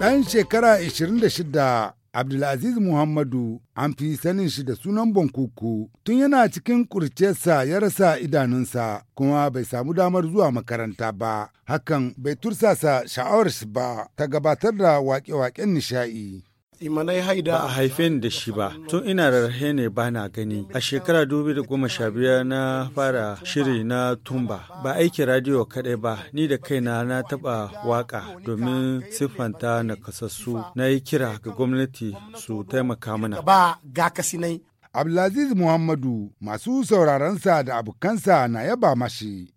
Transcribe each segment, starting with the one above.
Ɗan shekara 26 Abdulaziz Muhammadu an fi sanin shi da sunan bankuku tun yana cikin kurcesa ya rasa idanunsa kuma bai samu damar zuwa makaranta ba hakan bai tursasa sha'awar shi ba ta gabatar da waƙe-waƙen nishaɗi. imanai haida a haife ni da shi ba tun ina rarhe ne ba na gani a shekara sha biyar na fara shiri na tumba ba aiki radio kaɗai ba ni da kaina na taɓa waƙa domin siffanta na kasassu na yi kira ga gwamnati su taimaka mana ba ga kasinai Abdulaziz Muhammadu masu sauraronsa da abokansa na yaba mashi.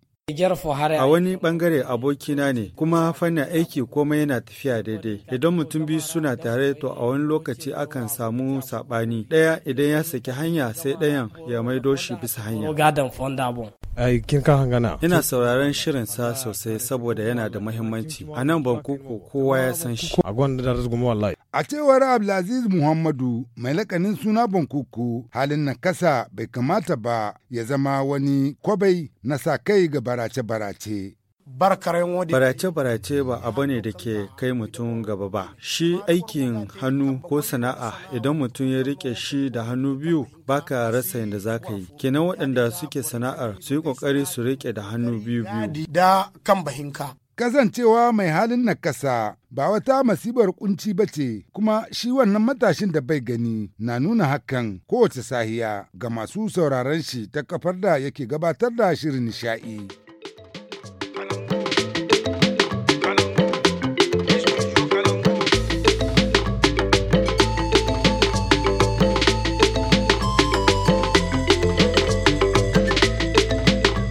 A wani bangare abokina ne kuma fannin aiki komai yana tafiya daidai. Idan mutum biyu suna tare to a wani lokaci akan samu saɓani Ɗaya idan ya saki hanya sai ɗayan ya maido shi bisa hanya. kin ka hangana. Ina sauraron shirin sa sosai saboda yana da muhimmanci. A nan Bankoko kowa ya san shi. A gwanda da razguma wallahi. A cewar Abdulaziz Muhammadu mai lakanin suna Bankoko halin na kasa bai kamata ba ya zama wani kwabai na sa kai ga barace-barace. Barace-barace ba abu ne da ke kai mutum gaba ba. Shi aikin hannu ko sana'a idan mutum ya rike shi da hannu biyu baka rasa yadda za ka yi. Kenan waɗanda suke sana'ar su yi ƙoƙari su rike da hannu biyu biyu. Da kan bahinka. Kasancewa mai halin nakasa ba wata masibar kunci ba ce kuma shi wannan matashin da bai gani na nuna hakan kowace sahiya ga masu sauraron shi ta kafar da yake gabatar da shirin nishaɗi.